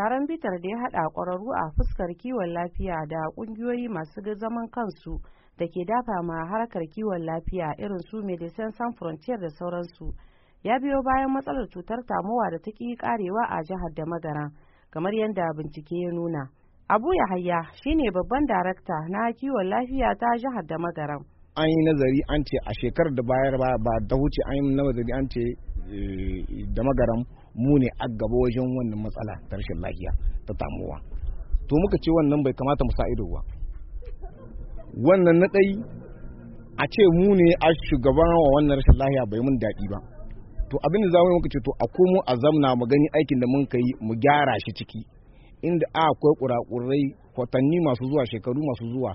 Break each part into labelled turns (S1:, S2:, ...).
S1: taron bitar da ya hada kwararru a fuskar kiwon lafiya da kungiyoyi masu zaman kansu da ke dafa ma harkar kiwon lafiya irin su medecines sans frontier da sauransu ya biyo bayan matsalar cutar tamowa da ta ki karewa a jihar da magara kamar yadda bincike ya nuna abu ya yahaya shine babban darakta na kiwon lafiya ta jihar da magara
S2: an yi nazari an ce a shekarar da bayar ba da wuce an yi nazari an ce Eh, da magaram mu ne a gaba wajen wannan matsala ta rashin lafiya ta tamuwa to muka ce wannan bai kamata mu sa ido ba wannan na ɗai a ce mu ne a shugaba wa wannan rashin lafiya bai mun daɗi ba to abin da za mu muka ce to a komo a zamna mu gani aikin da mun kai mu gyara shi ciki inda akwai kurakurai kwatanni masu zuwa shekaru masu zuwa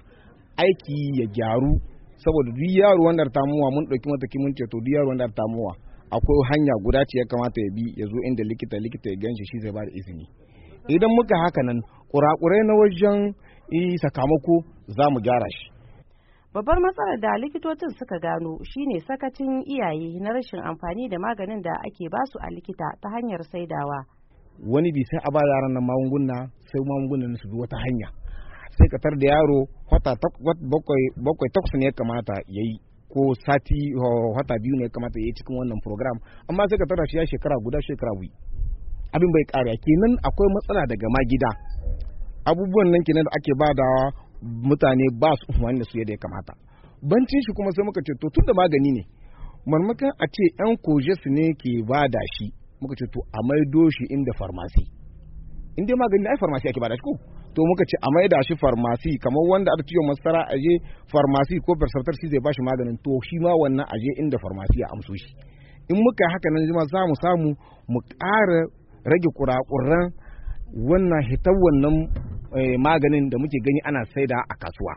S2: aiki ya gyaru saboda duk yaro wanda tamuwa mun ɗauki mataki mun ce to duk yaro wanda tamuwa akwai hanya guda ce ya kamata ya bi ya zo inda likita likita ya ganshi shi zai ba da izini idan muka haka nan kurakurai na wajen sakamako za mu gyara shi
S1: babbar matsalar da likitocin suka gano shine sakacin iyaye na rashin amfani da maganin da ake basu a likita ta hanyar saidawa
S2: wani bi sai a ba yaran nan magunguna sai magungunan su zuwa wata hanya sai ka tar da yaro wata bakwai takwas ne ya kamata ya yi ko sati eh, wata biyu ne kamata ya yi cikin wannan program amma sai ka tara shi ya shekara guda shekara wuyi abin bai kare kenan akwai matsala daga ma gida abubuwan nan kenan da ake ba da mutane ba su umarni da su yadda ya kamata banci shi kuma sai muka ce to tun da magani ne marmakan a ce yan kojes ne ke bada shi muka ce to a maido shi inda farmasi in magani magani ai farmasi ake bada shi ko to muka ce a maida shi farmasi kamar wanda aka ciwo masara a je farmasi ko perceptor shi zai bashi maganin to shi ma wannan a je inda farmasi ya amso shi in muka haka nan jima za mu samu mu ƙara rage kurakuran wannan hitar wannan eh, maganin da muke gani ana saida a kasuwa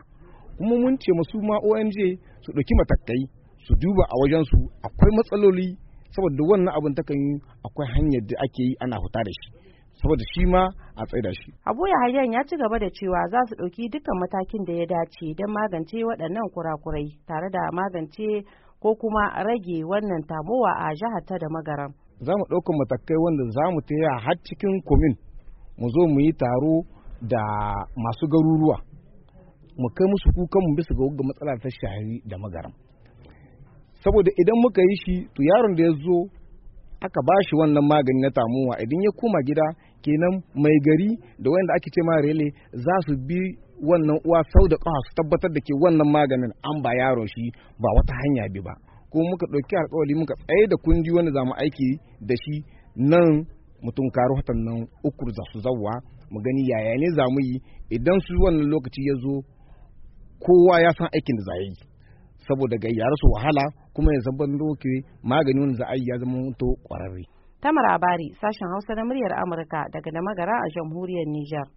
S2: kuma mun ce masu ma ONG su ɗauki matakai su duba a wajensu akwai matsaloli saboda wannan abin takan yi akwai hanyar da ake yi ana huta da shi saboda shi ma a tsaida shi.
S1: Abu Yahayan ya ci gaba da cewa za su ɗauki dukkan matakin da ya dace don magance waɗannan kurakurai tare da magance ko kuma rage wannan tamowa a jihar ta da magaran.
S2: Za mu ɗauka matakai wanda za mu taya har cikin komin mu zo mu yi taro da masu garuruwa mu kai musu kukan mu bisa ga wagga matsala ta shahari da magaram. Saboda idan muka yi shi to yaron da ya zo aka ba shi wannan magani na tamowa idan ya koma gida kenan mai gari da wanda ake ce ma rele za su bi wannan uwa sau da ƙafa su tabbatar da ke wannan maganin an ba yaron shi ba wata hanya bi ba kuma muka ɗauki alƙawari muka tsaye da kundi wanda za mu aiki da shi nan mutum karu hatan nan uku za su zawa mu gani yaya ne za mu yi idan su wannan lokaci ya zo kowa ya san aikin da za yi saboda ga yara su wahala kuma ya zaban doke magani wani za a yi ya zama mutu ƙwararre
S1: Tamar Abari, sashen Hausa na muryar Amurka daga damagara a jamhuriyar Nijar.